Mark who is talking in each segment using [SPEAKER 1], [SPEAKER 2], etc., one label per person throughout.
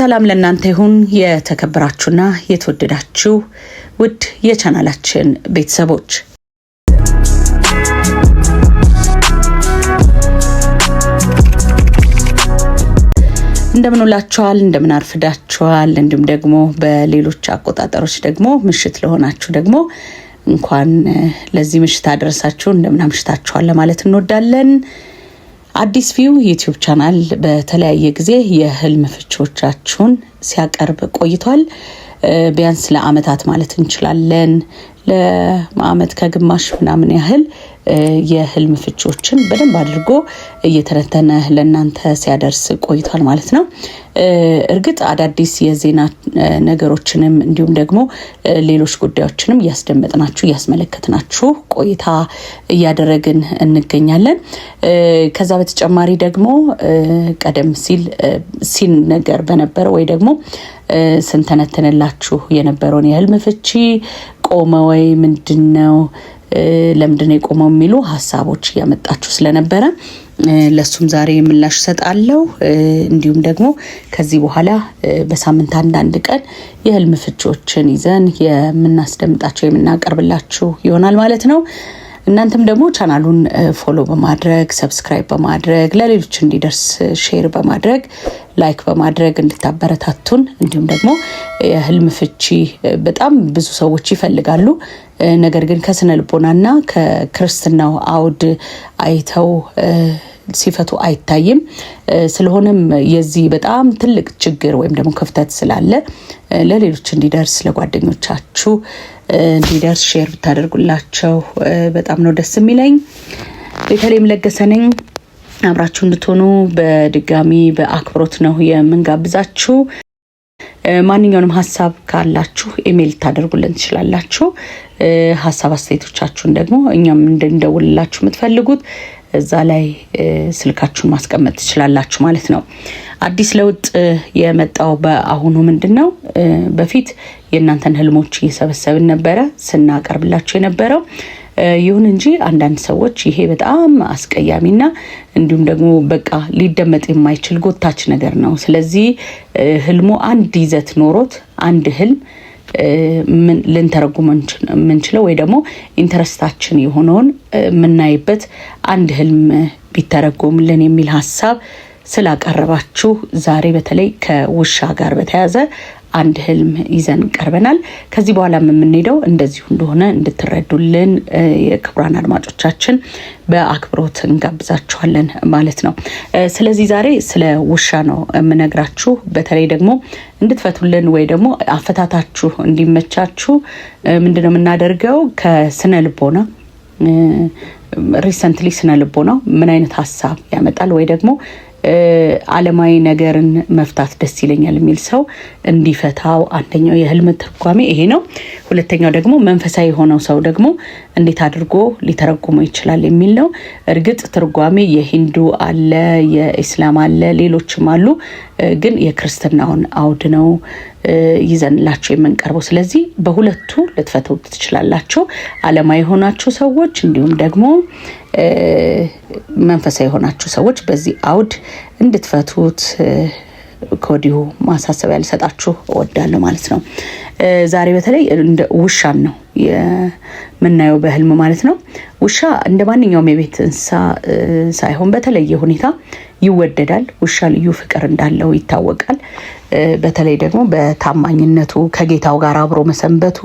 [SPEAKER 1] ሰላም ለእናንተ ይሁን። የተከበራችሁና የተወደዳችሁ ውድ የቻናላችን ቤተሰቦች እንደምንውላችኋል፣ እንደምናርፍዳችኋል እንዲሁም ደግሞ በሌሎች አቆጣጠሮች ደግሞ ምሽት ለሆናችሁ ደግሞ እንኳን ለዚህ ምሽት አደረሳችሁ እንደምናምሽታችኋል ለማለት እንወዳለን። አዲስ ቪው ዩቲዩብ ቻናል በተለያየ ጊዜ የህልም ፍቾቻችሁን ሲያቀርብ ቆይቷል። ቢያንስ ለአመታት ማለት እንችላለን ለአመት ከግማሽ ምናምን ያህል የህልም ፍቾችን በደንብ አድርጎ እየተነተነ ለእናንተ ሲያደርስ ቆይቷል ማለት ነው። እርግጥ አዳዲስ የዜና ነገሮችንም እንዲሁም ደግሞ ሌሎች ጉዳዮችንም እያስደመጥናችሁ እያስመለከትናችሁ ቆይታ እያደረግን እንገኛለን። ከዛ በተጨማሪ ደግሞ ቀደም ሲል ነገር በነበረ ወይ ደግሞ ስንተነትንላችሁ የነበረውን የህልም ፍቺ ቆመ ወይ ምንድን ነው ነው የቆመው የሚሉ ሀሳቦች እያመጣችሁ ስለነበረ ለሱም ዛሬ የምላሽ እሰጣለሁ። እንዲሁም ደግሞ ከዚህ በኋላ በሳምንት አንዳንድ ቀን የህልም ፍቾችን ይዘን የምናስደምጣቸው የምናቀርብላችሁ ይሆናል ማለት ነው። እናንተም ደግሞ ቻናሉን ፎሎ በማድረግ ሰብስክራይብ በማድረግ ለሌሎች እንዲደርስ ሼር በማድረግ ላይክ በማድረግ እንድታበረታቱን እንዲሁም ደግሞ የህልም ፍቺ በጣም ብዙ ሰዎች ይፈልጋሉ። ነገር ግን ከስነ ልቦናና ከክርስትናው አውድ አይተው ሲፈቱ አይታይም። ስለሆነም የዚህ በጣም ትልቅ ችግር ወይም ደግሞ ክፍተት ስላለ ለሌሎች እንዲደርስ ለጓደኞቻችሁ እንዲደርስ ሼር ብታደርጉላቸው በጣም ነው ደስ የሚለኝ። የተለይም ለገሰ ነኝ። አብራችሁ እንድትሆኑ በድጋሚ በአክብሮት ነው የምንጋብዛችሁ። ማንኛውንም ሀሳብ ካላችሁ ኢሜይል ልታደርጉልን ትችላላችሁ። ሀሳብ አስተያየቶቻችሁን ደግሞ እኛም እንድንደውልላችሁ የምትፈልጉት እዛ ላይ ስልካችሁን ማስቀመጥ ትችላላችሁ ማለት ነው። አዲስ ለውጥ የመጣው በአሁኑ ምንድን ነው? በፊት የእናንተን ህልሞች እየሰበሰብን ነበረ ስናቀርብላችሁ የነበረው። ይሁን እንጂ አንዳንድ ሰዎች ይሄ በጣም አስቀያሚና እንዲሁም ደግሞ በቃ ሊደመጥ የማይችል ጎታች ነገር ነው። ስለዚህ ህልሙ አንድ ይዘት ኖሮት አንድ ህልም ልንተረጉም የምንችለው ወይ ደግሞ ኢንተረስታችን የሆነውን የምናይበት አንድ ህልም ቢተረጎምልን የሚል ሀሳብ ስላቀረባችሁ ዛሬ በተለይ ከውሻ ጋር በተያያዘ አንድ ህልም ይዘን ቀርበናል። ከዚህ በኋላ የምንሄደው እንደዚሁ እንደሆነ እንድትረዱልን የክቡራን አድማጮቻችን በአክብሮት እንጋብዛችኋለን ማለት ነው። ስለዚህ ዛሬ ስለ ውሻ ነው የምነግራችሁ። በተለይ ደግሞ እንድትፈቱልን ወይ ደግሞ አፈታታችሁ እንዲመቻችሁ ምንድነው የምናደርገው ከስነ ልቦና ሪሰንትሊ ስነ ልቦናው ምን አይነት ሀሳብ ያመጣል ወይ ደግሞ አለማዊ ነገርን መፍታት ደስ ይለኛል የሚል ሰው እንዲፈታው አንደኛው የህልም ትርጓሜ ይሄ ነው። ሁለተኛው ደግሞ መንፈሳዊ የሆነው ሰው ደግሞ እንዴት አድርጎ ሊተረጉመው ይችላል የሚል ነው። እርግጥ ትርጓሜ የሂንዱ አለ፣ የኢስላም አለ፣ ሌሎችም አሉ። ግን የክርስትናውን አውድ ነው ይዘንላቸው የምንቀርበው። ስለዚህ በሁለቱ ልትፈተው ትችላላቸው አለማ የሆናቸው ሰዎች እንዲሁም ደግሞ መንፈሳዊ የሆናችሁ ሰዎች በዚህ አውድ እንድትፈቱት ከወዲሁ ማሳሰቢያ ልሰጣችሁ እወዳለሁ ማለት ነው። ዛሬ በተለይ እንደ ውሻን ነው የምናየው በህልም ማለት ነው። ውሻ እንደ ማንኛውም የቤት እንስሳ ሳይሆን በተለየ ሁኔታ ይወደዳል። ውሻ ልዩ ፍቅር እንዳለው ይታወቃል። በተለይ ደግሞ በታማኝነቱ ከጌታው ጋር አብሮ መሰንበቱ፣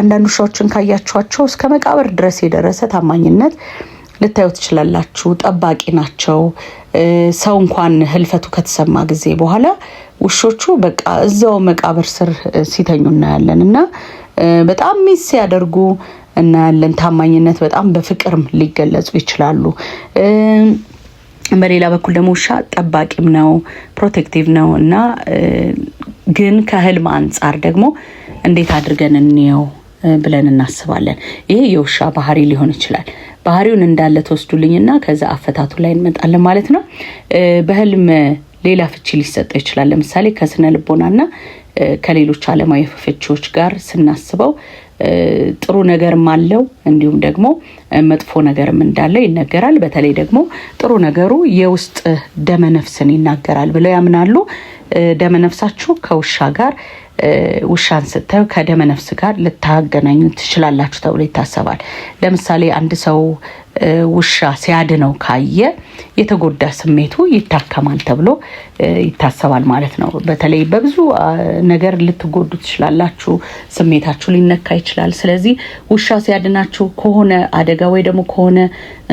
[SPEAKER 1] አንዳንድ ውሻዎችን ካያችኋቸው እስከ መቃብር ድረስ የደረሰ ታማኝነት ልታዩ ትችላላችሁ። ጠባቂ ናቸው። ሰው እንኳን ህልፈቱ ከተሰማ ጊዜ በኋላ ውሾቹ በቃ እዛው መቃብር ስር ሲተኙ እናያለን እና በጣም ሚስ ሲያደርጉ እናያለን። ታማኝነት በጣም በፍቅርም ሊገለጹ ይችላሉ። በሌላ በኩል ደግሞ ውሻ ጠባቂም ነው፣ ፕሮቴክቲቭ ነው እና ግን ከህልም አንጻር ደግሞ እንዴት አድርገን እንየው ብለን እናስባለን። ይሄ የውሻ ባህሪ ሊሆን ይችላል። ባህሪውን እንዳለ ተወስዱልኝና ከዛ አፈታቱ ላይ እንመጣለን ማለት ነው። በህልም ሌላ ፍቺ ሊሰጠው ይችላል። ለምሳሌ ከስነ ልቦናና ከሌሎች አለማዊ ፍቺዎች ጋር ስናስበው ጥሩ ነገርም አለው እንዲሁም ደግሞ መጥፎ ነገርም እንዳለው ይነገራል። በተለይ ደግሞ ጥሩ ነገሩ የውስጥ ደመነፍስን ይናገራል ብለው ያምናሉ። ደመነፍሳችሁ ከውሻ ጋር ውሻን ስታዩ ከደመ ነፍስ ጋር ልታገናኙ ትችላላችሁ ተብሎ ይታሰባል። ለምሳሌ አንድ ሰው ውሻ ሲያድነው ካየ የተጎዳ ስሜቱ ይታከማል ተብሎ ይታሰባል ማለት ነው። በተለይ በብዙ ነገር ልትጎዱ ትችላላችሁ። ስሜታችሁ ሊነካ ይችላል። ስለዚህ ውሻ ሲያድናችሁ ከሆነ አደጋ ወይ ደግሞ ከሆነ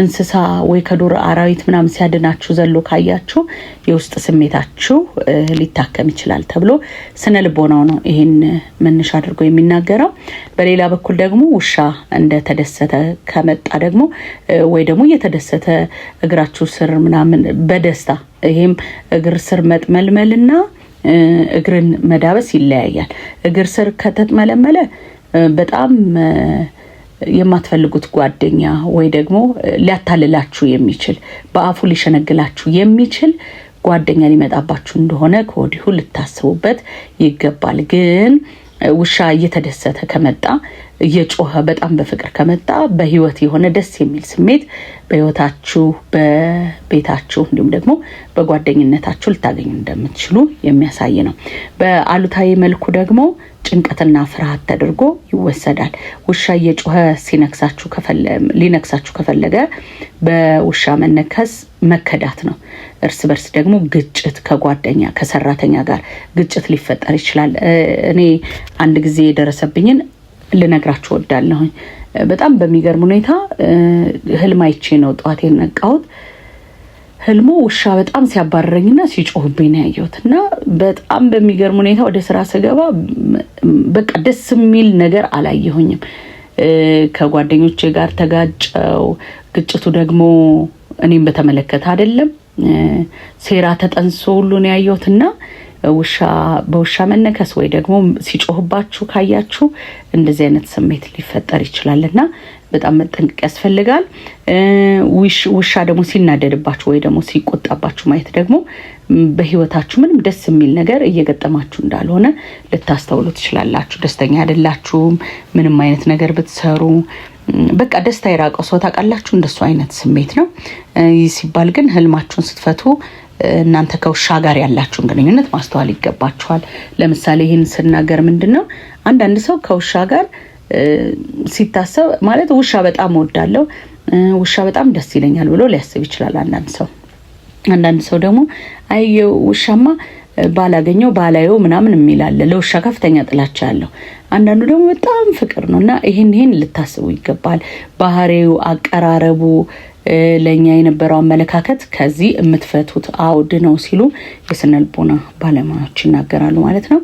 [SPEAKER 1] እንስሳ ወይ ከዱር አራዊት ምናምን ሲያድናችሁ ዘሎ ካያችሁ የውስጥ ስሜታችሁ ሊታከም ይችላል ተብሎ ስነ ልቦናው ነው ይህን መነሻ አድርጎ የሚናገረው። በሌላ በኩል ደግሞ ውሻ እንደተደሰተ ከመጣ ደግሞ ወይ ደግሞ እየተደሰተ እግራችሁ ስር ምናምን በደስታ ይሄም እግር ስር መጥመልመልና እግርን መዳበስ ይለያያል። እግር ስር ከተጥመለመለ በጣም የማትፈልጉት ጓደኛ ወይ ደግሞ ሊያታልላችሁ የሚችል በአፉ ሊሸነግላችሁ የሚችል ጓደኛ ሊመጣባችሁ እንደሆነ ከወዲሁ ልታስቡበት ይገባል ግን ውሻ እየተደሰተ ከመጣ እየጮኸ በጣም በፍቅር ከመጣ በህይወት የሆነ ደስ የሚል ስሜት በህይወታችሁ፣ በቤታችሁ እንዲሁም ደግሞ በጓደኝነታችሁ ልታገኙ እንደምትችሉ የሚያሳይ ነው። በአሉታዊ መልኩ ደግሞ ጭንቀትና ፍርሃት ተደርጎ ይወሰዳል። ውሻ እየጮኸ ሊነክሳችሁ ከፈለገ በውሻ መነከስ መከዳት ነው። እርስ በርስ ደግሞ ግጭት ከጓደኛ ከሰራተኛ ጋር ግጭት ሊፈጠር ይችላል። እኔ አንድ ጊዜ የደረሰብኝን ልነግራችሁ ወዳለሁኝ። በጣም በሚገርም ሁኔታ ህልም አይቼ ነው ጠዋት የነቃሁት። ህልሙ ውሻ በጣም ሲያባረረኝና ሲጮህብኝ ነው ያየሁት እና በጣም በሚገርም ሁኔታ ወደ ስራ ስገባ በቃ ደስ የሚል ነገር አላየሁኝም። ከጓደኞቼ ጋር ተጋጨው። ግጭቱ ደግሞ እኔም በተመለከተ አይደለም፣ ሴራ ተጠንሶ ነው ያየሁት እና ውሻ በውሻ መነከስ ወይ ደግሞ ሲጮህባችሁ ካያችሁ እንደዚህ አይነት ስሜት ሊፈጠር ይችላል እና በጣም መጠንቀቅ ያስፈልጋል። ውሻ ደግሞ ሲናደድባችሁ ወይ ደግሞ ሲቆጣባችሁ ማየት ደግሞ በህይወታችሁ ምንም ደስ የሚል ነገር እየገጠማችሁ እንዳልሆነ ልታስተውሉ ትችላላችሁ። ደስተኛ አይደላችሁም። ምንም አይነት ነገር ብትሰሩ በቃ ደስታ የራቀው ሰው ታውቃላችሁ። እንደሱ አይነት ስሜት ነው። ይህ ሲባል ግን ህልማችሁን ስትፈቱ እናንተ ከውሻ ጋር ያላችሁን ግንኙነት ማስተዋል ይገባችኋል። ለምሳሌ ይህን ስናገር ምንድን ነው አንዳንድ ሰው ከውሻ ጋር ሲታሰብ ማለት ውሻ በጣም ወዳለው ውሻ በጣም ደስ ይለኛል ብሎ ሊያስብ ይችላል አንዳንድ ሰው። አንዳንድ ሰው ደግሞ አይ ውሻማ ባላገኘው ባላየው ምናምን የሚላለ ለውሻ ከፍተኛ ጥላቻ አለው። አንዳንዱ ደግሞ በጣም ፍቅር ነው እና ይህን ይህን ልታስቡ ይገባል። ባህሪው፣ አቀራረቡ ለእኛ የነበረው አመለካከት ከዚህ የምትፈቱት አውድ ነው ሲሉ የስነ ልቦና ባለሙያዎች ይናገራሉ ማለት ነው።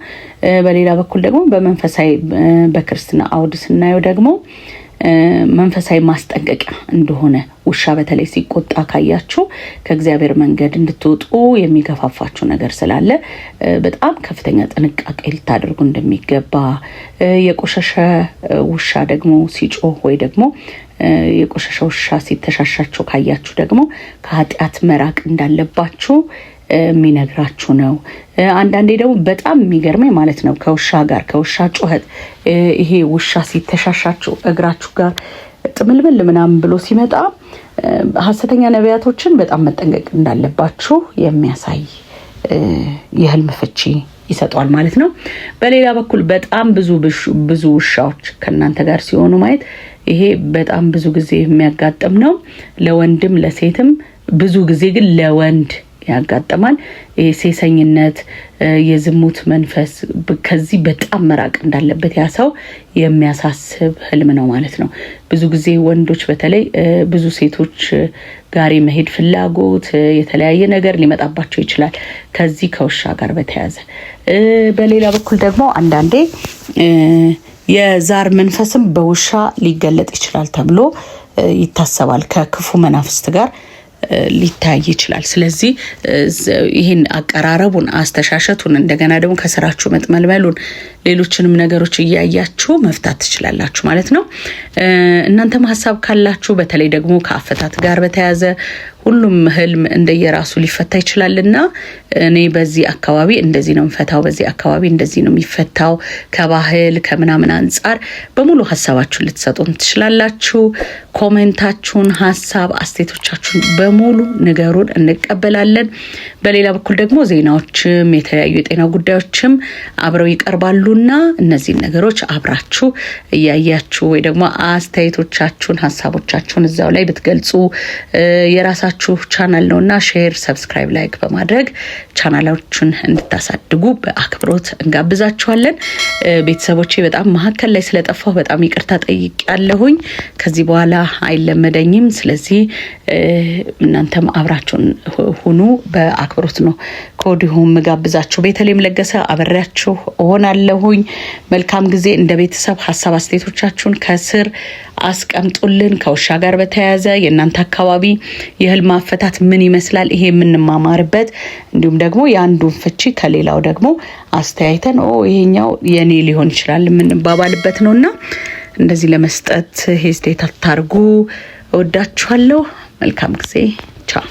[SPEAKER 1] በሌላ በኩል ደግሞ በመንፈሳዊ በክርስትና አውድ ስናየው ደግሞ መንፈሳዊ ማስጠንቀቂያ እንደሆነ ውሻ በተለይ ሲቆጣ ካያችሁ ከእግዚአብሔር መንገድ እንድትወጡ የሚገፋፋችሁ ነገር ስላለ በጣም ከፍተኛ ጥንቃቄ ልታደርጉ እንደሚገባ የቆሸሸ ውሻ ደግሞ ሲጮህ ወይ ደግሞ የቆሻሻ ውሻ ሲተሻሻችሁ ካያችሁ ደግሞ ከኃጢአት መራቅ እንዳለባችሁ የሚነግራችሁ ነው። አንዳንዴ ደግሞ በጣም የሚገርመኝ ማለት ነው ከውሻ ጋር ከውሻ ጩኸት ይሄ ውሻ ሲተሻሻችሁ እግራችሁ ጋር ጥምልምል ምናምን ብሎ ሲመጣ ሐሰተኛ ነቢያቶችን በጣም መጠንቀቅ እንዳለባችሁ የሚያሳይ የህልም ፍቺ ይሰጠዋል ማለት ነው። በሌላ በኩል በጣም ብዙ ብዙ ውሻዎች ከእናንተ ጋር ሲሆኑ ማየት ይሄ በጣም ብዙ ጊዜ የሚያጋጥም ነው። ለወንድም ለሴትም ብዙ ጊዜ ግን ለወንድ ያጋጥማል። ሴሰኝነት የዝሙት መንፈስ ከዚህ በጣም መራቅ እንዳለበት ያ ሰው የሚያሳስብ ህልም ነው ማለት ነው። ብዙ ጊዜ ወንዶች በተለይ ብዙ ሴቶች ጋር መሄድ ፍላጎት፣ የተለያየ ነገር ሊመጣባቸው ይችላል ከዚህ ከውሻ ጋር በተያያዘ። በሌላ በኩል ደግሞ አንዳንዴ የዛር መንፈስም በውሻ ሊገለጥ ይችላል ተብሎ ይታሰባል ከክፉ መናፍስት ጋር ሊታይ ይችላል። ስለዚህ ይህን አቀራረቡን፣ አስተሻሸቱን እንደገና ደግሞ ከስራችሁ መጥመልመሉን ሌሎችንም ነገሮች እያያችሁ መፍታት ትችላላችሁ ማለት ነው። እናንተም ሀሳብ ካላችሁ በተለይ ደግሞ ከአፈታት ጋር በተያያዘ ሁሉም ህልም እንደየራሱ ሊፈታ ይችላል እኔ በዚህ አካባቢ እንደዚህ ነው የምፈታው፣ በዚህ አካባቢ እንደዚህ ነው የሚፈታው ከባህል ከምናምን አንጻር በሙሉ ሀሳባችሁን ልትሰጡን ትችላላችሁ። ኮሜንታችሁን፣ ሀሳብ አስተያየቶቻችሁን በሙሉ ንገሩን፣ እንቀበላለን። በሌላ በኩል ደግሞ ዜናዎችም የተለያዩ የጤና ጉዳዮችም አብረው ይቀርባሉና እነዚህን ነገሮች አብራችሁ እያያችሁ ወይ ደግሞ አስተያየቶቻችሁን፣ ሀሳቦቻችሁን እዛው ላይ ብትገልጹ የራሳ የምንሰራችሁ ቻናል ነው እና ሼር፣ ሰብስክራይብ፣ ላይክ በማድረግ ቻናላችን እንድታሳድጉ በአክብሮት እንጋብዛችኋለን። ቤተሰቦቼ በጣም መሀከል ላይ ስለጠፋሁ በጣም ይቅርታ ጠይቅ ያለሁኝ ከዚህ በኋላ አይለመደኝም። ስለዚህ እናንተም አብራችሁን ሁኑ። በአክብሮት ነው ከወዲሁም ጋብዛችሁ ቤተልሔም ለገሰ አበሬያችሁ እሆናለሁኝ። መልካም ጊዜ። እንደ ቤተሰብ ሀሳብ አስተያየቶቻችሁን ከስር አስቀምጡልን። ከውሻ ጋር በተያያዘ የእናንተ አካባቢ የህልም ማፈታት ምን ይመስላል? ይሄ የምንማማርበት እንዲሁም ደግሞ የአንዱን ፍቺ ከሌላው ደግሞ አስተያይተን ኦ ይሄኛው የኔ ሊሆን ይችላል የምንባባልበት ነው እና እንደዚህ ለመስጠት ሄዝዴት አታርጉ። እወዳችኋለሁ። መልካም ጊዜ። ቻው